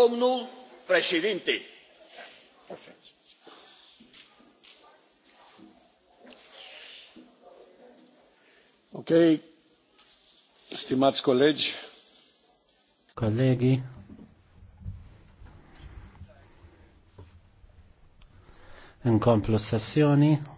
Domnul președinte. Ok, stimați colegi. Colegi. Inkomplu sessjoni.